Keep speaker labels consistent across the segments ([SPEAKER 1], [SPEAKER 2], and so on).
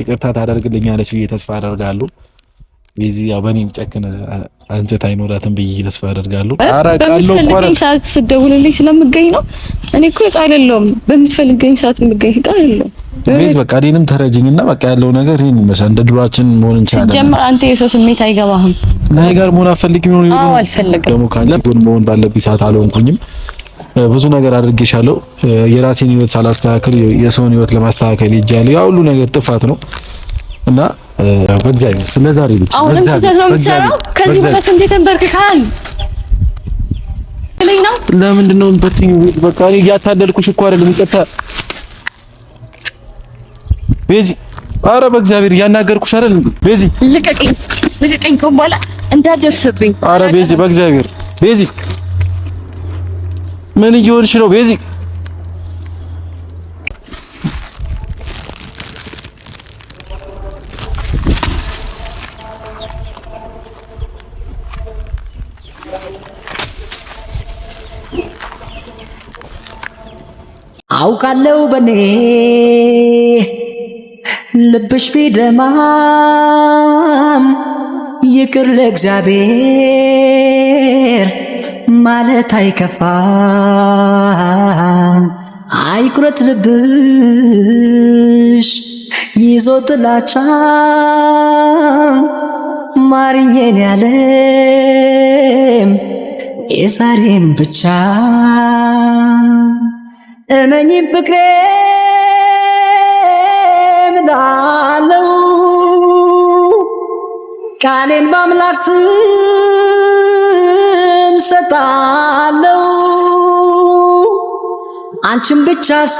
[SPEAKER 1] ይቅርታ ታደርግልኛለች ብዬ ተስፋ አደርጋለሁ። ቢዚ ያው በእኔም ጨክን አንጀት አይኖራትም ብዬ ተስፋ አደርጋለሁ።
[SPEAKER 2] በምትፈልገኝ ሰዓት ስደውልልኝ ስለምገኝ ነው። እኔ እኮ ዕቃ አይደለሁም። በምትፈልገኝ ሰዓት የምገኝ ዕቃ አይደለሁም።
[SPEAKER 1] ቤዝ በቃ እኔንም ተረጅኝና በቃ ያለው ነገር ይሄን ይመስላል። እንደ ድሯችን መሆን እንችላለን።
[SPEAKER 2] ጀምር አንተ የሰው ስሜት አይገባህም።
[SPEAKER 1] እኔ ጋር መሆን አፈልግ ምን ሆነ?
[SPEAKER 2] አዎ አልፈልግም።
[SPEAKER 1] ደግሞ ከአንቺ ጎን መሆን ባለብኝ ሰዓት አልሆንኩኝም። ብዙ ነገር አድርጌሻለሁ። የራሴን ህይወት ሳላስተካከል የሰውን ህይወት ለማስተካከል ይጃለሁ። ያ ሁሉ ነገር ጥፋት ነው እና በእግዚአብሔር ስለዛሬ ልጅ
[SPEAKER 2] አሁንም ስህተት ነው የምትሰራው። ከዚህ በኋላ ስንት ተንበርክካል ለኝ ነው።
[SPEAKER 1] ለምንድን ነው በትኝ? በቃ እኔ እያታለልኩሽ እኮ አይደለም። ይቅርታ ቤዚ። አረ በእግዚአብሔር እያናገርኩሽ አይደል እንዴ ቤዚ።
[SPEAKER 2] ልቀቀኝ፣ ልቀቀኝ። ከሆነ በኋላ እንዳትደርስብኝ።
[SPEAKER 1] አረ ቤዚ፣ በእግዚአብሔር ቤዚ ምን እየሆንሽ ነው ቤዚ?
[SPEAKER 3] አውቃለሁ በኔ ልብሽ ቢደማም ይቅር ለእግዚአብሔር ማለት አይከፋ አይቁረት ልብሽ ይዞ ጥላቻ ማርኘን ያለም የዛሬም ብቻ እመኝም ፍቅሬም ላለው ቃሌን በአምላክ ሰጣለው አንቺን ብቻ ስ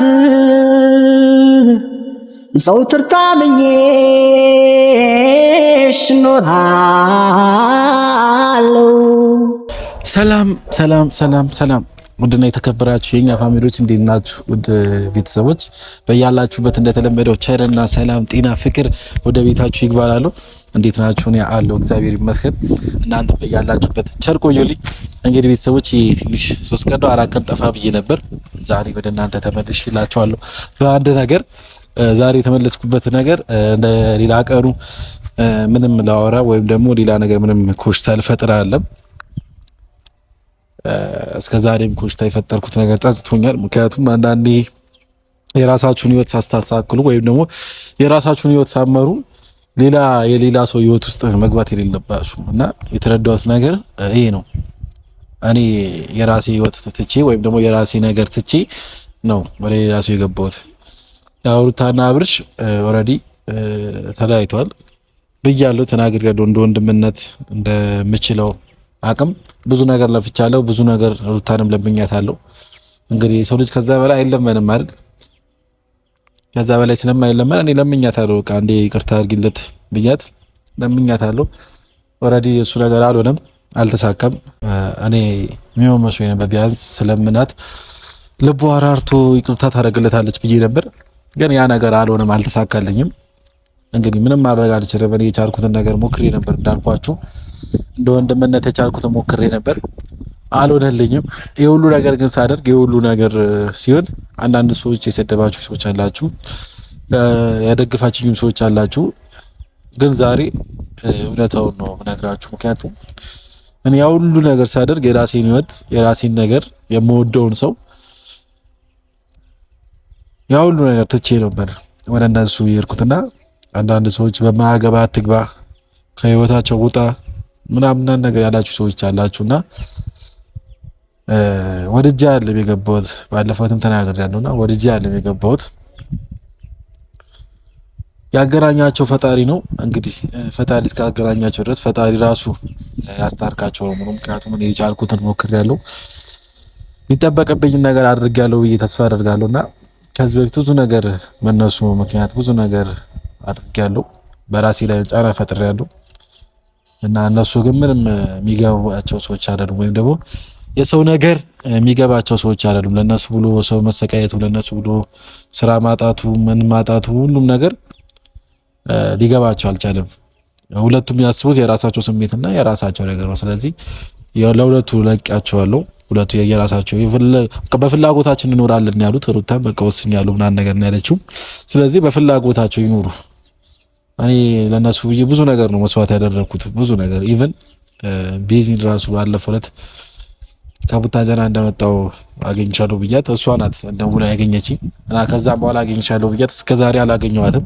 [SPEAKER 3] ዘውትር ታምኜሽ እኖራለው።
[SPEAKER 1] ሰላም ሰላም ሰላም ሰላም ውድና የተከበራችሁ የኛ ፋሚሊዎች እንዴት ናችሁ? ውድ ቤተሰቦች በያላችሁበት እንደተለመደው ቸርና ሰላም፣ ጤና፣ ፍቅር ወደ ቤታችሁ ይግባላሉ። እንዴት ናችሁ? እኔ አለሁ እግዚአብሔር ይመስገን። እናንተ በያላችሁበት ቸር ቆዩልኝ። እንግዲህ ቤተሰቦች ትንሽ ሶስት ቀን አራት ቀን ጠፋ ብዬ ነበር። ዛሬ ወደ እናንተ ተመልሼ እላችኋለሁ በአንድ ነገር። ዛሬ የተመለስኩበት ነገር እንደ ሌላ ቀኑ ምንም ላወራ ወይም ደግሞ ሌላ ነገር ምንም ኮሽታ ልፈጥር አለም እስከዛሬም ኮሽታ የፈጠርኩት ነገር ጸጽቶኛል። ምክንያቱም አንዳንዴ የራሳችሁን ህይወት ሳስታሳክሉ ወይም ደግሞ የራሳችሁን ህይወት ሳመሩ ሌላ የሌላ ሰው ህይወት ውስጥ መግባት የሌለባችሁም እና የተረዳሁት ነገር ይሄ ነው። እኔ የራሴ ህይወት ትቼ ወይም ደግሞ የራሴ ነገር ትቼ ነው ወደ ሌላ ሰው የገባሁት። ሩታና አብርሽ ኦልሬዲ ተለያይተዋል ብያለሁ፣ ተናግሬያለሁ። እንደ ወንድምነት እንደምችለው አቅም ብዙ ነገር ለፍቻለሁ። ብዙ ነገር ሩታንም ለምኛታለሁ። እንግዲህ የሰው ልጅ ከዛ በላይ አይለመንም አይደል? ከዛ በላይ ስለማይለመን እኔ ለምኛታለሁ። በቃ እንዴ ይቅርታ አድርጊለት ብያት ለምኛታለሁ። ኦልሬዲ እሱ ነገር አልሆነም፣ አልተሳካም። እኔ የሚመመሱ ነበር ቢያንስ ስለምናት ልቧ አራርቶ ይቅርታ ታደርግለታለች ብዬ ነበር፣ ግን ያ ነገር አልሆነም፣ አልተሳካልኝም። እንግዲህ ምንም ማድረግ አልችልም። እኔ የቻልኩትን ነገር ሞክሬ ነበር እንዳልኳችሁ እንደ ወንድምነት የቻልኩት ሞክሬ ነበር፣ አልሆነልኝም። የሁሉ ነገር ግን ሳደርግ የሁሉ ነገር ሲሆን አንዳንድ ሰዎች የሰደባችሁ ሰዎች አላችሁ፣ ያደግፋችሁም ሰዎች አላችሁ። ግን ዛሬ እውነታውን ነው የምነግራችሁ። ምክንያቱም እኔ ያ ሁሉ ነገር ሳደርግ የራሴን ህይወት የራሴን ነገር የምወደውን ሰው ያ ሁሉ ነገር ትቼ ነበር ወደ እነሱ የሄድኩትና አንዳንድ ሰዎች በማያገባ አትግባ፣ ከህይወታቸው ውጣ ምናምን ነገር ያላችሁ ሰዎች አላችሁና ወድጄ አይደለም የገባሁት። ባለፈውትም ተናግሬያለሁና ወድጄ አይደለም የገባሁት። ያገናኛቸው ፈጣሪ ነው። እንግዲህ ፈጣሪ እስካገናኛቸው ድረስ ፈጣሪ ራሱ ያስታርቃቸው ነው። ምክንያቱም እኔ የቻልኩትን ሞክሬያለሁ፣ የሚጠበቅብኝን ነገር አድርጌያለሁ ብዬ ተስፋ አደርጋለሁ ከዚህ በፊት ብዙ ነገር በእነሱ ምክንያት ብዙ ነገር አድርጌያለሁ። በራሴ ላይ ጫና ፈጥሬያለሁ። እና እነሱ ግን ምንም የሚገባቸው ሰዎች አይደሉም፣ ወይም ደግሞ የሰው ነገር የሚገባቸው ሰዎች አይደሉም። ለነሱ ብሎ ሰው መሰቃየቱ፣ ለነሱ ብሎ ስራ ማጣቱ፣ ምን ማጣቱ፣ ሁሉም ነገር ሊገባቸው አልቻለም። ሁለቱም የሚያስቡት የራሳቸው እና የራሳቸው ነገር ነው። ስለዚህ ለሁለቱ ለቂያቸዋለሁ። ሁለቱ የራሳቸው በፍላጎታችን እንኖራለን ያሉት ሩታ በቃ ያሉ ምናምን ነገር ነው ያለችው። ስለዚህ በፍላጎታቸው ይኖሩ እኔ ለእነሱ ብዬ ብዙ ነገር ነው መስዋዕት ያደረግኩት፣ ብዙ ነገር ኢቨን ቤዚን ራሱ ባለፈው ዕለት ከቡታጀና እንደመጣው አገኝቻለሁ ብያት፣ እሷ ናት ደውላ ያገኘችኝ እና ከዛም በኋላ አገኝቻለሁ ብያት፣ እስከዛሬ አላገኘዋትም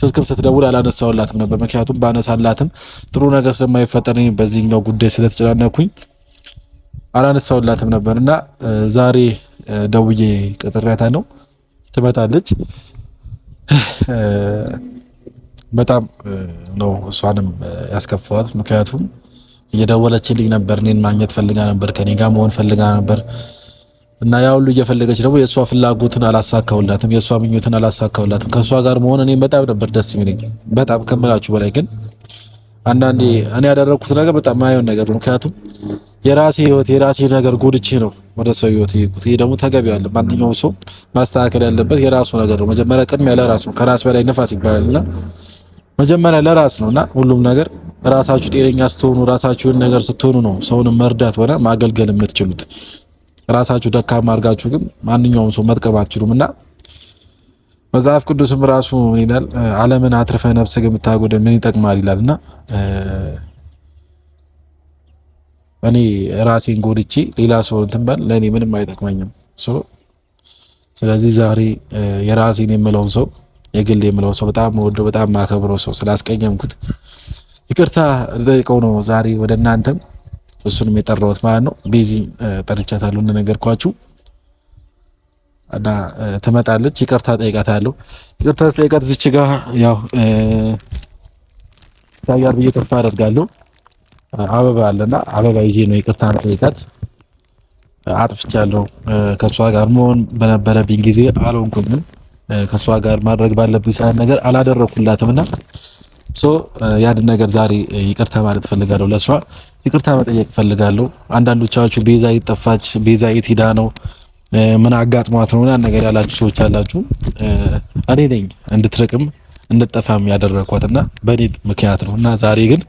[SPEAKER 1] ስልክም ስትደውል አላነሳውላትም ነበር፣ ምክንያቱም ባነሳላትም ጥሩ ነገር ስለማይፈጠር በዚህኛው ጉዳይ ስለተጨናነኩኝ አላነሳውላትም ነበር እና ዛሬ ደውዬ ቀጥሬያታ ነው ትመጣለች። በጣም ነው እሷንም ያስከፋዋት። ምክንያቱም እየደወለችልኝ ነበር፣ እኔን ማግኘት ፈልጋ ነበር፣ ከኔ ጋር መሆን ፈልጋ ነበር እና ያ ሁሉ እየፈለገች ደግሞ የእሷ ፍላጎትን አላሳካውላትም፣ የእሷ ምኞትን አላሳካውላትም። ከእሷ ጋር መሆን እኔም በጣም ነበር ደስ የሚለኝ በጣም ከምላችሁ በላይ ግን አንዳንዴ እኔ ያደረግኩት ነገር በጣም ማየውን ነገር ነው። ምክንያቱም የራሴ ህይወት የራሴ ነገር ጉድቼ ነው ወደ ሰው ህይወት ይሄ ደግሞ ተገቢ ያለ ማንኛውም ሰው ማስተካከል ያለበት የራሱ ነገር ነው። መጀመሪያ ቅድሚያ ለራሱ ከራስ በላይ ነፋስ ይባላልና መጀመሪያ ለራስ ነውና ሁሉም ነገር ራሳችሁ ጤነኛ ስትሆኑ ራሳችሁን ነገር ስትሆኑ ነው ሰውንም መርዳት ሆነ ማገልገል የምትችሉት። ራሳችሁ ደካማ አድርጋችሁ ግን ማንኛውም ሰው መጥቀም አትችሉም እና መጽሐፍ ቅዱስም ራሱ ይላል ዓለምን አትርፈ ነፍስ ግን ብታጎድል ምን ይጠቅማል ይላል እና እኔ ራሴን ጎድቼ ሌላ ሰው እንትን በል ለእኔ ምንም አይጠቅመኝም። ስለዚህ ዛሬ የራሴን የምለውን ሰው የግል የምለው ሰው በጣም ወዶ በጣም ማከብረው ሰው ስላስቀየምኩት ይቅርታ ልጠይቀው ነው ዛሬ ወደ እናንተም እሱንም የጠራሁት ማለት ነው። ቤዚ ጠርቻታለሁ እንደነገርኳችሁ እና ትመጣለች። ይቅርታ ጠይቃታለሁ። ይቅርታ ጠይቃት እዚች ጋ ያው ታያር ብዬ ይቅርታ አደርጋለሁ። አበባ አለና አበባ ይዤ ነው ይቅርታ ጠይቃት። አጥፍቻለሁ። ከእሷ ጋር መሆን በነበረብኝ ጊዜ አልሆንኩም። ከእሷ ጋር ማድረግ ባለብኝ ሰዓት ነገር አላደረግኩላትም እና ያንን ነገር ዛሬ ይቅርታ ማለት ፈልጋለሁ። ለእሷ ይቅርታ መጠየቅ እፈልጋለሁ። አንዳንዶቻችሁ ቤዛ የት ጠፋች፣ ቤዛ የት ሄዳ ነው፣ ምን አጋጥሟት ነው ምናምን ነገር ያላችሁ ሰዎች አላችሁ። እኔ ነኝ እንድትርቅም እንድጠፋም ያደረኳት እና በእኔ ምክንያት ነው እና ዛሬ ግን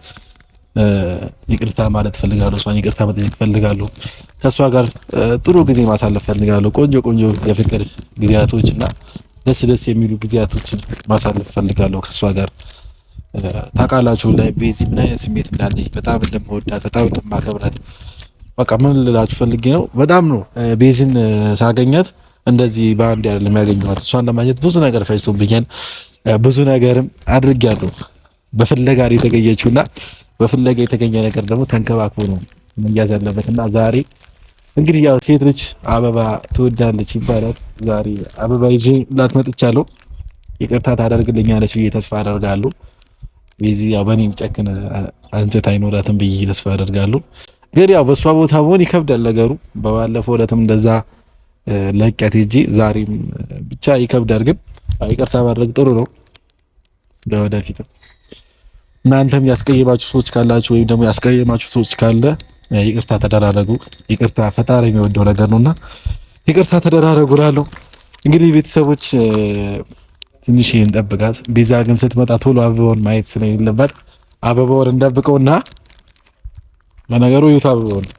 [SPEAKER 1] ይቅርታ ማለት ፈልጋለሁ። እሷን ይቅርታ መጠየቅ ፈልጋለሁ። ከእሷ ጋር ጥሩ ጊዜ ማሳለፍ ፈልጋለሁ። ቆንጆ ቆንጆ የፍቅር ጊዜያቶች እና ደስ ደስ የሚሉ ጊዜያቶችን ማሳለፍ ፈልጋለሁ ከእሷ ጋር። ታውቃላችሁ ላይ ቤዚ ምን አይነት ስሜት እንዳለኝ በጣም እንደምወዳት በጣም እንደማከብራት በቃ ምን ልላችሁ ፈልጌ ነው። በጣም ነው ቤዚን ሳገኛት እንደዚህ በአንድ አይደለም ያገኘኋት። እሷን ለማግኘት ብዙ ነገር ፈጅቶብኛል፣ ብዙ ነገርም አድርጌያለሁ። በፍለጋ የተገኘችውና በፍለጋ የተገኘ ነገር ደግሞ ተንከባክቦ ነው መያዝ ያለበት እና ዛሬ እንግዲህ ያው ሴት ልጅ አበባ ትወዳለች ይባላል። ዛሬ አበባ ይዤ ላት መጥቻለሁ። ይቅርታ ታደርግልኛለች ብዬ ተስፋ አደርጋለሁ። በዚህ ያው በእኔም ጨክን አንጀት አይኖራትም ብዬ ተስፋ አደርጋለሁ። ግን ያው በእሷ ቦታ መሆን ይከብዳል ነገሩ። በባለፈው ዕለትም እንደዛ ለቀት ሄጄ ዛሬም ብቻ ይከብዳል። ግን ይቅርታ ማድረግ ጥሩ ነው ለወደፊትም እናንተም ያስቀየማችሁ ሰዎች ካላችሁ ወይም ደግሞ ያስቀየማችሁ ሰዎች ካለ ይቅርታ ተደራረጉ። ይቅርታ ፈጣሪ የሚወደው ነገር ነውና ይቅርታ ተደራረጉ እላለሁ። እንግዲህ ቤተሰቦች ትንሽ እንጠብቃት። ቤዛ ግን ስትመጣ ቶሎ አበባውን ማየት ስለሌለባት አበባውን እንጠብቀውና ለነገሩ ይዩት አበባውን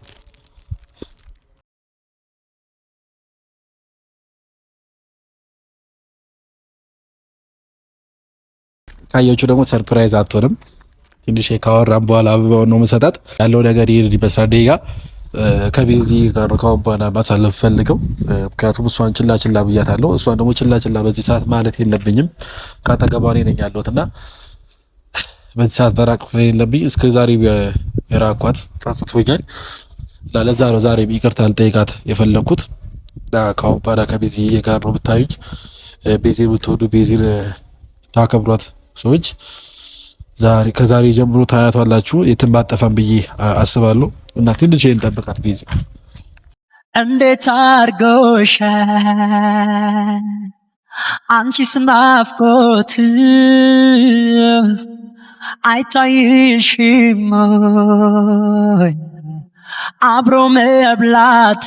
[SPEAKER 1] ካየችው ደግሞ ሰርፕራይዝ አትሆንም። ትንሽ ካወራን በኋላ አበባውን ነው መሰጣት ያለው ነገር ይሄድ ይመስላል። ደጋ ከቤዚ ጋር በኋላ ማሳለፍ ፈልገው ምክንያቱም እሷን ችላ ችላ ብያታለሁ። እሷን ደግሞ ችላ ችላ በዚህ ሰዓት ማለት የለብኝም ከአጠገቧ እኔ ነኝ ያለሁት እና በዚህ ሰዓት መራቅ ስለሌለብኝ እስከ ዛሬ የራኳት ጸጽቶኛል። ለዛ ነው ዛሬ ይቅርታ ልጠይቃት የፈለግኩት። በኋላ ከቤዚ ጋር ነው ብታዩኝ። ቤዚ ብትወዱ ቤዚ ታከብሯት ሰዎች ዛሬ ከዛሬ ጀምሮ ታያቷላችሁ። የትም ባጠፋን ብዬ አስባለሁ እና ትንሽ እንጠብቃት ጊዜ
[SPEAKER 3] እንዴት አርጎሻል አንቺ ናፍቆት አይታይሽም አብሮ መብላት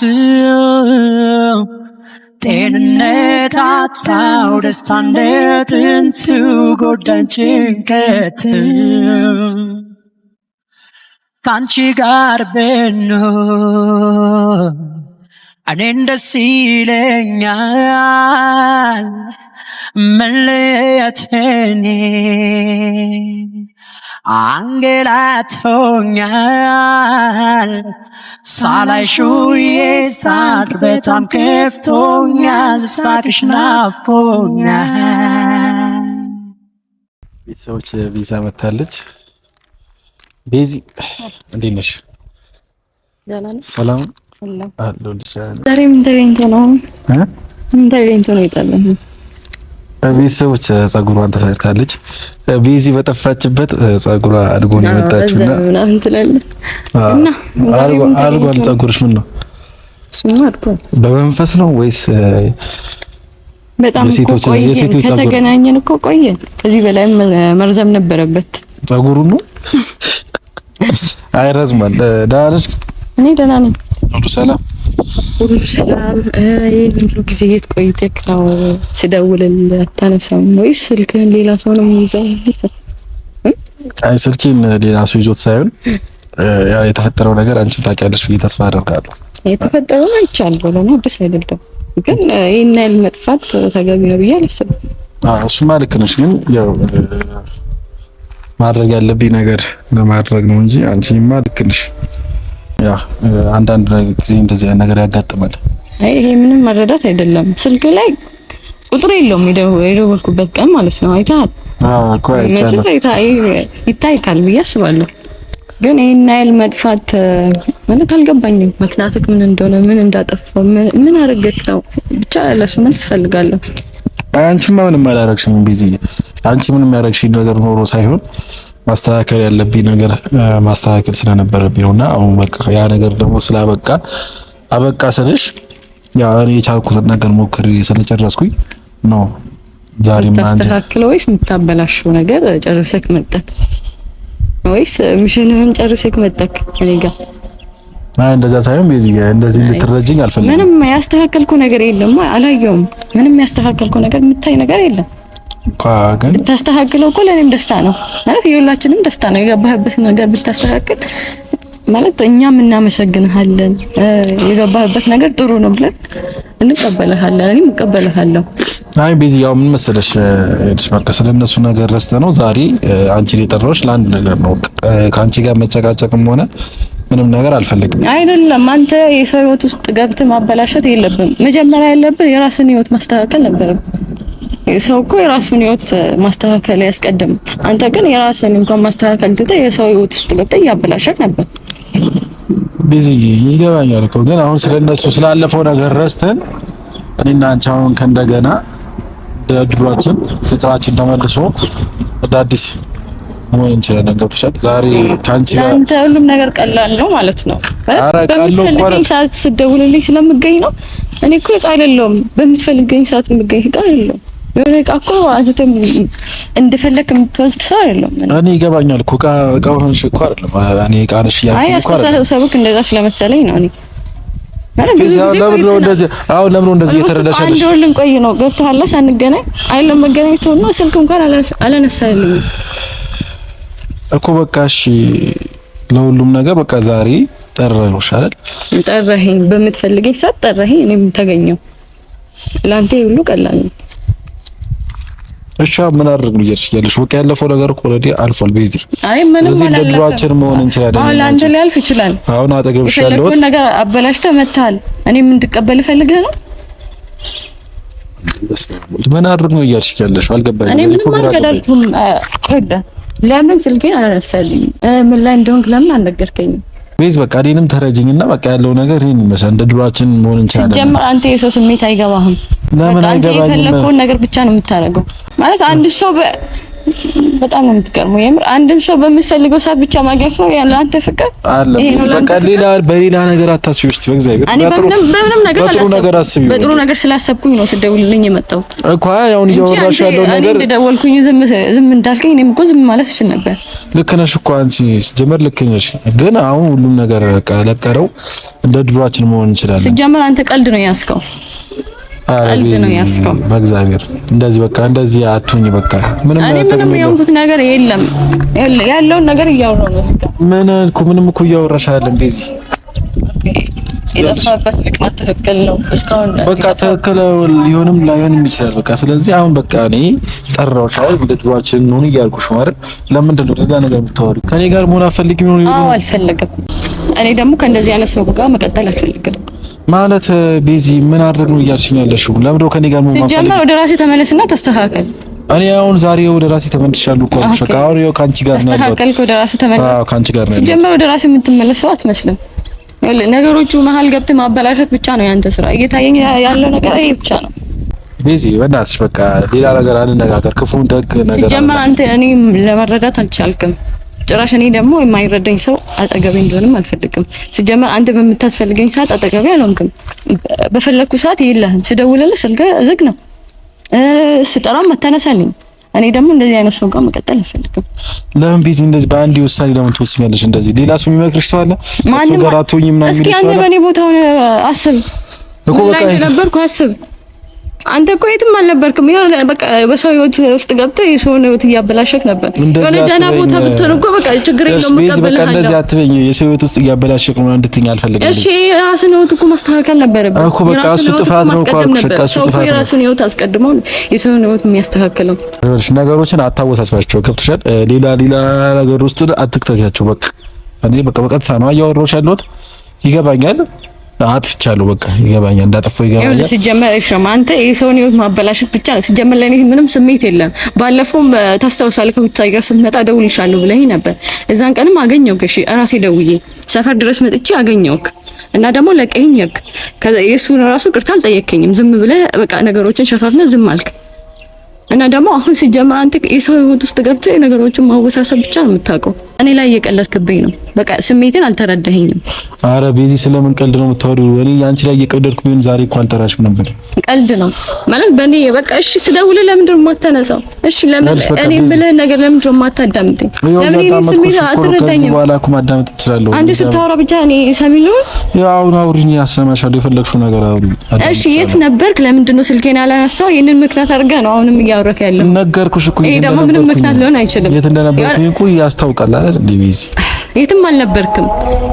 [SPEAKER 3] ጤንነት አጣው ደስታ እንደ ጥንቱ ጎዳን ጭንቀት ከአንቺ ጋር ብኖር እኔን ደስ ይለኛል መለየት አንገላቶኛል ሳላሹዬ ሳር በጣም ከፍቶኛል፣ ሳቅሽ ናፍቆኛል።
[SPEAKER 1] ቤተሰቦች ቤዛ መታለች። ቤዚ እንዴት ነሽ? ሰላም
[SPEAKER 2] ዛሬ ምን ተገኝቶ ነው? ምን ተገኝቶ ነው ይጣለን
[SPEAKER 1] ቤተሰቦች ጸጉሯን ተሰርታለች። ቤዚ በጠፋችበት ጸጉሯ አድጎ ነው የመጣችውና አድጓል። ጸጉርሽ ምን ነው? በመንፈስ ነው ወይስ
[SPEAKER 2] በጣም ከተገናኘን እኮ ቆየን። ከዚህ በላይ መርዘም ነበረበት
[SPEAKER 1] ጸጉሩ ነው። አይረዝማል። ደህና ነሽ? እኔ ደህና ነኝ። ሰላም
[SPEAKER 2] ሁሉ ሰላም። ይህን ሁሉ ጊዜ የት ቆይተህ ነው? ስደውልልህ አታነሳም ወይስ ስልክህን ሌላ ሰው ነው የሚይዘው?
[SPEAKER 1] አይ ስልኬን ሌላ ሰው ይዞት ሳይሆን ያው የተፈጠረው ነገር አንቺን ታውቂያለሽ ብዬ ተስፋ አደርጋለሁ።
[SPEAKER 2] የተፈጠረው አይቻለሁ፣ ለእኔ አዲስ አይደለም። ግን ይህን ያህል መጥፋት ተገቢ ነው ብዬ አላስብም።
[SPEAKER 1] እሱማ ልክ ነሽ። ግን ያው ማድረግ ያለብኝ ነገር ለማድረግ ነው እንጂ አንቺማ ልክ ነሽ። ያ አንዳንድ ጊዜ እንደዚህ አይነት ነገር ያጋጥማል።
[SPEAKER 2] አይ ይሄ ምንም መረዳት አይደለም። ስልክ ላይ ቁጥር የለውም የደወልኩበት ቀን ማለት ነው። አይተሃል? አዎ እኮ ይታይካል ብዬ አስባለሁ። ግን ይሄን ናይል መጥፋት ማለት አልገባኝም። ምክንያቱም ምን እንደሆነ ምን እንዳጠፋው ምን አረገች ነው ብቻ ለሱ ምን ትፈልጋለሁ።
[SPEAKER 1] አንቺማ ምንም አላረግሽም ቢዚ። አንቺ ምንም ያረግሽ ነገር ኖሮ ሳይሆን ማስተካከል ያለብኝ ነገር ማስተካከል ስለነበረብኝ ነውና አሁን በቃ ያ ነገር ደግሞ ስላበቃ አበቃ ስልሽ ያ እኔ የቻልኩትን ነገር ሞክሬ ስለጨረስኩኝ ነው። ዛሬ ማንተ ታስተካክለው
[SPEAKER 2] ወይስ የምታበላሽው ነገር ጨርሰክ መጣክ ወይስ ምሽንህን ጨርሰክ መጣክ እኔ ጋር
[SPEAKER 1] አይ እንደዛ ሳይሆን በዚህ እንደዚህ እንድትረጅኝ አልፈልግም።
[SPEAKER 2] ምንም ያስተካከልኩ ነገር የለም፣ አላየውም። ምንም ያስተካከልኩ ነገር የምታይ ነገር የለም። ብታስተካክለው እኮ ለእኔም ደስታ ነው ማለት የሁላችንም ደስታ ነው። የገባህበትን ነገር ብታስተካክል ማለት እኛም እናመሰግንሃለን። የገባህበት ነገር ጥሩ ነው ብለን እንቀበልሃለን። እኔም እቀበልሃለሁ።
[SPEAKER 1] አይ ቤዚ፣ ያው ምን መሰለሽ በቃ ስለነሱ ነገር ረስተ ነው ዛሬ አንቺን የጠራሁሽ ለአንድ ነገር ነው። ከአንቺ ጋር መጨቃጨቅም ሆነ ምንም ነገር አልፈልግም።
[SPEAKER 2] አይደለም አንተ የሰው ህይወት ውስጥ ገብተህ ማበላሸት የለብም። መጀመሪያ ያለብህ የራስን ህይወት ማስተካከል ነበረብህ። ሰው እኮ የራሱን ህይወት ማስተካከል ያስቀድም። አንተ ግን የራስን እንኳን ማስተካከል ትተህ የሰው ህይወት ውስጥ ገብተህ እያበላሸህ ነበር።
[SPEAKER 1] ቢዚ ይገባኛል እኮ ግን አሁን ስለነሱ ስላለፈው ነገር ረስተን እኔና አንቺ አሁን ከእንደገና ድሯችን ፍቅራችን ተመልሶ አዳዲስ አዲስ መሆን እንችላለን። ገብቶሻል? ዛሬ ከአንቺ ጋር አንተ
[SPEAKER 2] ሁሉም ነገር ቀላል ነው ማለት ነው። ኧረ ቀላል እኮ ሰዓት ስደውልልኝ ስለምገኝ ነው። እኔ እኮ ቃል አይደለሁም። በምትፈልገኝ ሰዓት የምገኝ ቃል አይደለሁም። የሆነ እቃ እኮ አንተም እንደፈለክ የምትወስድ ሰው አይደለም።
[SPEAKER 1] እኔ ይገባኛል እኮ እቃ እቃ ሆንሽ እኮ አይደለም። እኔ እቃ ነሽ
[SPEAKER 2] እያልኩ አይ አስተሳሰብክ እንደዛ ስለመሰለኝ ነው እኔ
[SPEAKER 1] ለምን ነው እንደዚህ አሁን ለምን ነው እንደዚህ የተረዳሻለሽ? አንድ
[SPEAKER 2] ወር ልንቆይ ነው ገብቶሃል። ሳንገናኝ አይደለም መገናኘት ሆኖ ስልክ እንኳን አላነሳልኝ
[SPEAKER 1] እኮ በቃ እሺ፣ ለሁሉም ነገር በቃ ዛሬ ጠራሁሽ አይደል?
[SPEAKER 2] ጠራኸኝ፣ በምትፈልገኝ ሰዓት ጠራኸኝ፣ እኔም ተገኘው። ላንተ ሁሉ ቀላል ነው።
[SPEAKER 1] እሺ ምን አድርግ ነው እያልሽ በቃ ያለፈው ነገር እኮ ኦልሬዲ አልፏል። ቤዚ አይ ምንም ማለት ድሯችን መሆን እንችላለን።
[SPEAKER 2] አሁን አንተ ሊያልፍ ይችላል።
[SPEAKER 1] አሁን አጠገብሽ
[SPEAKER 2] ያለው ነገር አበላሽተህ መታል። እኔም እንድቀበል ፈልገህ ነው።
[SPEAKER 1] ምን አድርግ ነው እያልሽ ያለሽ አልገባኝ።
[SPEAKER 2] እኔ ምንም አልገዳችሁም። ሄደ ለምን ስልኬን አላነሳልኝም? ምን ላይ እንደሆንክ ለምን አልነገርከኝም?
[SPEAKER 1] ቤዝ በቃ እኔንም ተረጅኝና በቃ ያለው ነገር ይሄን ይመስላል። እንደ ድሯችን መሆን እንችላለን።
[SPEAKER 2] ሲጀምር አንተ የሰው ስሜት አይገባህም። ለምን አይገባኝ? የፈለከውን ነገር ብቻ ነው የምታደርገው። ማለት አንድ ሰው በጣም ነው የምትቀርመው። የምር አንድን ሰው በምትፈልገው ሰዓት ብቻ ማግኘት ነው ያለ አንተ ፍቅር
[SPEAKER 1] አለ። በቃ ሌላ በሌላ ነገር አታስቢው እስቲ በእግዚአብሔር።
[SPEAKER 2] እኔ በምንም ነገር አላሰብኩም። በጥሩ ነገር ስላሰብኩኝ ነው ስደውልልኝ የመጣው
[SPEAKER 1] እኮ። አሁን እያወራሽ ያለው
[SPEAKER 2] ነገር እኔ እንደደወልኩኝ ዝም ዝም እንዳልከኝ እኔም እኮ ዝም ማለት እችል ነበር።
[SPEAKER 1] ልክ ነሽ እኮ አንቺ ጀመር፣ ልክ ነሽ። ግን አሁን ሁሉም ነገር ለቀረው፣ እንደ ድሯችን መሆን እንችላለን።
[SPEAKER 2] ስጀመር አንተ ቀልድ ነው ያስከው
[SPEAKER 1] በእግዚአብሔር እንደዚህ በቃ እንደዚህ አትሁኝ። በቃ
[SPEAKER 2] ምንም የሆንኩት ነገር የለም። ያለውን ነገር እያወራሁ ነው።
[SPEAKER 1] ምን እኮ ምንም እኮ እያወራሽ አይደለም በቃ ትክክል ሊሆንም ላይሆንም ይችላል። በቃ ስለዚህ አሁን በቃ እኔ ጠራሁሽ አይደል? ወደ ድሯችን እያልኩሽ ነው አይደል? ለምንድን ነው ሌላ ነገር የምታወሪው? ከእኔ ጋር መሆን አልፈልግም።
[SPEAKER 2] እኔ ደግሞ ከእንደዚህ አይነት ሰው ጋር መቀጠል አልፈልግም።
[SPEAKER 1] ማለት ቤዚ ምን አድርግ ነው እያልሽኝ ያለሽው? ለምዶ ከኔ ጋር መማር
[SPEAKER 2] ሲጀመር ወደ ራሴ ተመለስና ተስተካከል።
[SPEAKER 1] እኔ አሁን ዛሬ ወደ ራሴ ተመልሻለሁ እኮ አሁን አሁን ይኸው ካንቺ ጋር ነው
[SPEAKER 2] ያለው። ተስተካከልክ፣ ወደ ራሴ ተመለስ።
[SPEAKER 1] አዎ ካንቺ ጋር ነው።
[SPEAKER 2] ሲጀመር ወደ ራሴ የምትመለሰው አትመስልም። ነገሮቹ መሀል ገብተህ ማበላሸት ብቻ ነው ያንተ ስራ። እየታየኝ ያለው ነገር ይሄ ብቻ ነው።
[SPEAKER 1] ቤዚ በእናትሽ በቃ ሌላ ነገር አንነጋገር። ክፉን ደግ ነገር
[SPEAKER 2] ሲጀመር አንተ እኔ ለመረዳት አልቻልክም። ጭራሽ እኔ ደግሞ የማይረዳኝ ሰው አጠገቤ እንደሆነም አልፈልግም። ስጀመር አንተ በምታስፈልገኝ ሰዓት አጠገቤ አልሆንክም። በፈለግኩ ሰዓት የለህም። ስደውልልህ ስልክህ ዝግ ነው፣ ስጠራም አታነሳልኝ። እኔ ደግሞ እንደዚህ አይነት ሰው ጋር መቀጠል አልፈልግም።
[SPEAKER 1] ለምን ቢዚ እንደዚህ በአንድ ውሳኔ ለምን ትወስኛለሽ? እንደዚህ ሌላ ሰው የሚመክርሽ ሰው አለ? እሱ ጋር አትሆኝም ምናምን።
[SPEAKER 2] እስኪ አንተ በእኔ ቦታ ሆነህ አስብ። እኮ በቃ ነበርኩ አስብ አንተ እኮ የትም አልነበርክም። የሆነ በቃ በሰው ህይወት ውስጥ ገብተህ የሰውን ህይወት እያበላሸክ ነበር። የሆነ ደህና ቦታ ብትሆን እኮ በቃ ችግር የለውም
[SPEAKER 1] እቀበልሃለሁ። በቃ እንደዚህ አትበኝ። የሰው ህይወት ውስጥ እያበላሸክ ነው እንድትይኝ አልፈልግም።
[SPEAKER 2] እሺ የራስን ህይወት እኮ ማስተካከል ነበረብህ
[SPEAKER 1] እኮ። በቃ እሱ ጥፋት ነው እኮ አልኩሽ። በቃ እሱ ጥፋት ነው።
[SPEAKER 2] የራሱን ህይወት አስቀድሞ የሰውን ህይወት የሚያስተካክለው
[SPEAKER 1] ይኸውልሽ። ነገሮችን አታወሳስባቸው። ገብቶሻል? ሌላ ሌላ ነገር ውስጥ አትክተቻቸው። በቃ እኔ በቃ በቀጥታ ነው እያወራሁሽ ያለሁት። ይገባኛል አጥፍቻለሁ። በቃ ይገባኛል፣ እንዳጠፋሁ ይገባኛል።
[SPEAKER 2] ሲጀመር ኤፍሬም አንተ የሰውን ህይወት ማበላሸት ብቻ ነው። ሲጀመር ለእኔ ምንም ስሜት የለም። ባለፈውም ታስታውሳለህ፣ ከቡታዬ ጋር ስትመጣ እደውልልሻለሁ ብለህ ነበር። እዛን ቀንም አገኘሁህ። እሺ ራሴ ደውዬ ሰፈር ድረስ መጥቼ አገኘሁህ እና ደግሞ ለቀኸኝ ሄድክ። የእሱን ራሱ ቅርታ አልጠየከኝም። ዝም ብለህ በቃ ነገሮችን ሸፋፍነህ ዝም አልክ። እና ደግሞ አሁን ሲጀመር አንተ የሰው ህይወት ውስጥ ገብተህ ነገሮችን ማወሳሰብ ብቻ ነው የምታውቀው። እኔ ላይ እየቀለድክብኝ ነው። በቃ ስሜቴን አልተረዳኸኝም።
[SPEAKER 1] አረ ቤዚ ስለምን ቀልድ ነው የምታወሪው? እኔ አንቺ ላይ እየቀደድኩ ቢሆን ዛሬ እኮ አልጠራሽም ነበር።
[SPEAKER 2] ቀልድ ነው ማለት በእኔ በቃ እሺ። ስደውልህ ለምንድን ነው የማታነሳው? እሺ ለምን እኔ የምልህ ነገር ለምንድን ነው የማታዳምጠኝ? ለምን እኔ ስሜት አትረዳኝም?
[SPEAKER 1] በኋላ እኮ ማዳመጥ ትችላለህ።
[SPEAKER 2] አንተ ስታወራ ብቻ እኔ ሰሚሉ።
[SPEAKER 1] ያው ነው አውሪኝ፣ ያሰማሻለሁ። የፈለግሽው ነገር አውሪኝ።
[SPEAKER 2] እሺ የት ነበርክ? ለምንድን ነው ስልኬን አላነሳው? ይሄንን ምክንያት አድርገህ ነው አሁንም እያወራክ ያለው?
[SPEAKER 1] ነገርኩሽ እኮ። ይሄ
[SPEAKER 2] ደግሞ ምንም ምክንያት ሊሆን
[SPEAKER 1] አይችልም። የት እንደነበርኩኝ እኮ ያስታውቃል አይደል? ቤዚ
[SPEAKER 2] የትም አልነበርክም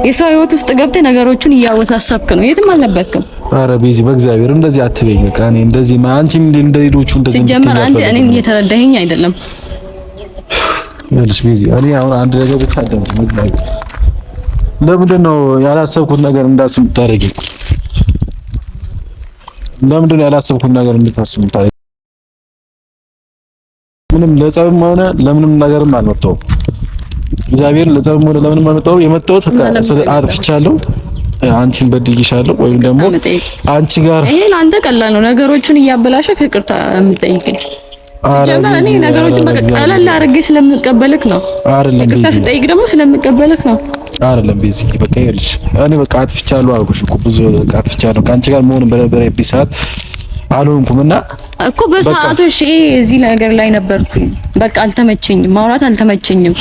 [SPEAKER 2] የሰው ህይወት ውስጥ ገብተህ ነገሮቹን እያወሳሰብክ ነው። የትም አልነበርክም።
[SPEAKER 1] አረ ቤዚ በእግዚአብሔር እንደዚህ አትበይ። በቃ እኔ እንደዚህ አንቺም እንደ ሌሎቹ
[SPEAKER 2] እንደዚህ ሲጀመር አንተ እኔን እየተረዳኸኝ አይደለም።
[SPEAKER 1] ይኸውልሽ ቤዚ እኔ አሁን አንድ ነገር ብቻ አደረኩ። ለምንድን ነው ያላሰብኩት ነገር እንዳስብ የምታደርጊኝ? ለምንድን ነው ያላሰብኩት ነገር እንድታስብ የምታደርጊኝ? ምንም ለጸብም ሆነ ለምንም ነገርም አልመጣሁም። እግዚአብሔር ለጸብም ሆነ ለምንም አመጣው የመጣሁት በቃ አጥፍቻለሁ፣ አንቺን በድይሻለሁ ወይም ደግሞ አንቺ ጋር ይሄ
[SPEAKER 2] ለአንተ ቀላል ነው። ነገሮቹን እያበላሸ ይቅርታ የምጠይቀኝ በቃ ስለምቀበልክ ነው ስለምቀበልክ ነው
[SPEAKER 1] በቃ በቃ አጥፍቻለሁ ብዙ አጥፍቻለሁ። ጋር መሆን
[SPEAKER 2] እኮ በሰዓቱ እሺ፣ ነገር ላይ ነበርኩኝ። በቃ አልተመቸኝም፣ ማውራት አልተመቸኝም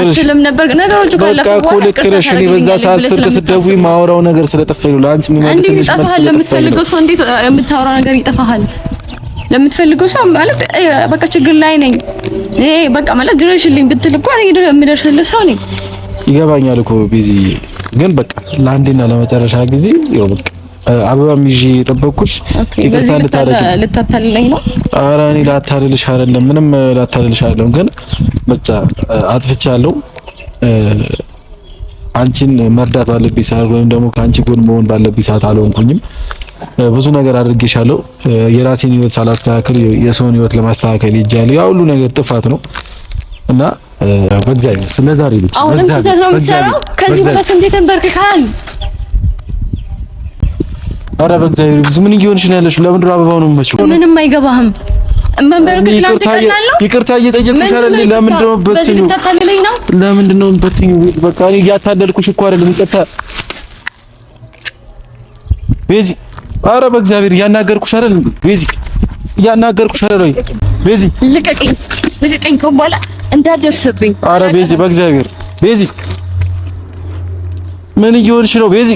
[SPEAKER 2] አትልም ነበር ነገሮቹ
[SPEAKER 1] ካለፈ በኋላ እኔ በዛ ሰዓት ስልክ ስትደውይ ማውራው ነገር ስለጠፋኝ ነው። ለአንቺ
[SPEAKER 2] የሚመልስልሽ መልስ ለምትፈልገው ሰው እንዴት የምታወራው ነገር ይጠፋሃል? ለምትፈልገው ሰው ማለት በቃ ችግር ላይ ነኝ እኔ በቃ ማለት ድረሽልኝ ብትል እኮ እኔ የምደርስልህ ሰው ነኝ።
[SPEAKER 1] ይገባኛል እኮ ቢዚ ግን በቃ ለአንዴና ለመጨረሻ ጊዜ ይኸው በቃ አበባም ይዤ የጠበቅኩሽ ይቅርታ ልታታልለኝ ነው። ኧረ እኔ ላታልልሽ አይደለም፣ ምንም ላታልልሽ አይደለም። ግን በቃ አጥፍቻለሁ። አንቺን መርዳት ባለብኝ ሰዓት ወይም ደግሞ ከአንቺ ጎን መሆን ባለብኝ ሰዓት አልሆንኩኝም። ብዙ ነገር አድርጌሻለሁ። የራሴን ሕይወት ሳላስተካከል የሰውን ሕይወት ለማስተካከል ይጃለሁ። ያ ሁሉ ነገር ጥፋት ነው እና በእግዚአብሔር ስለዛሬ ብቻ
[SPEAKER 2] አሁንም ስህተት ነው የምትሰራው። ከዚህ በኋላ ስንት ተንበርክካል
[SPEAKER 1] ኧረ በእግዚአብሔር ይብዝ። ምን እየሆንሽ ነው ያለሽው? ለምንድን ነው አበባው ነው የሚመችው?
[SPEAKER 2] ምንም አይገባህም።
[SPEAKER 1] ይቅርታ እየጠየቅኩሽ አይደል? ለምንድን ነው በትኙ? ለምንድን ነው በትኙ? በቃ እኔ እያታለልኩሽ እኮ አይደለም። ይቅርታ ቤዚ። ኧረ በእግዚአብሔር እያናገርኩሽ አይደል? ቤዚ እያናገርኩሽ አይደል? ቤዚ
[SPEAKER 2] ልቀቀኝ፣ ልቀቀኝ ከሆነ በኋላ እንዳትደርስብኝ።
[SPEAKER 1] ኧረ ቤዚ በእግዚአብሔር ቤዚ፣ ምን እየሆንሽ ነው ቤዚ?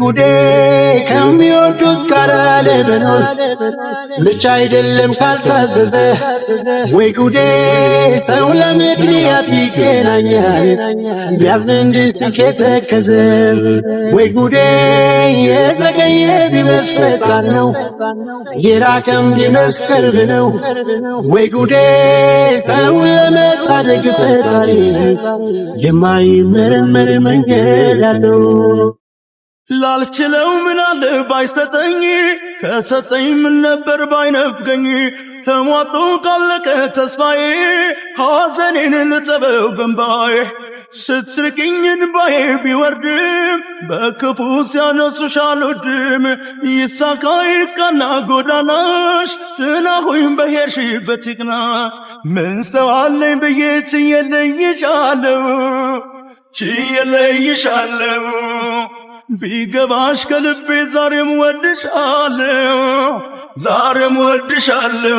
[SPEAKER 3] ጉዴ ከሚወዱት ጋር ለበኖር ምች አይደለም ካልታዘዘ ወይ ጉዴ ሰው ለምክንያት ይገናኛል ቢያዝን እንዲስቅ የተከዘ ወይ ጉዴ የዘገየ ቢመስፈጣን ነው የራቀም ቢመስቀርብ ነው ወይ ጉዴ ሰው ለመታደግ ፈጣሪ የማይመረመር መንገድ አለው። ላልችለው ምናለ ባይሰጠኝ ከሰጠኝ ምን ነበር ባይነፍገኝ ተሟጦ ካለቀ ተስፋዬ ሐዘኔን ልጠበው በንባዬ ስትስርቅኝ እንባዬ ቢወርድም በክፉ ሲያነሱ ውድም ይሳካ ይቃና ጎዳናሽ ትናሁኝ በሄድሽበት ይቅና ምን ሰው አለኝ ብዬ ችዬ ለይሻለው ችዬ ለይሻለው ቢገባሽ ከልቤ ዛሬም ወድሻለሁ ዛሬም ወድሻለሁ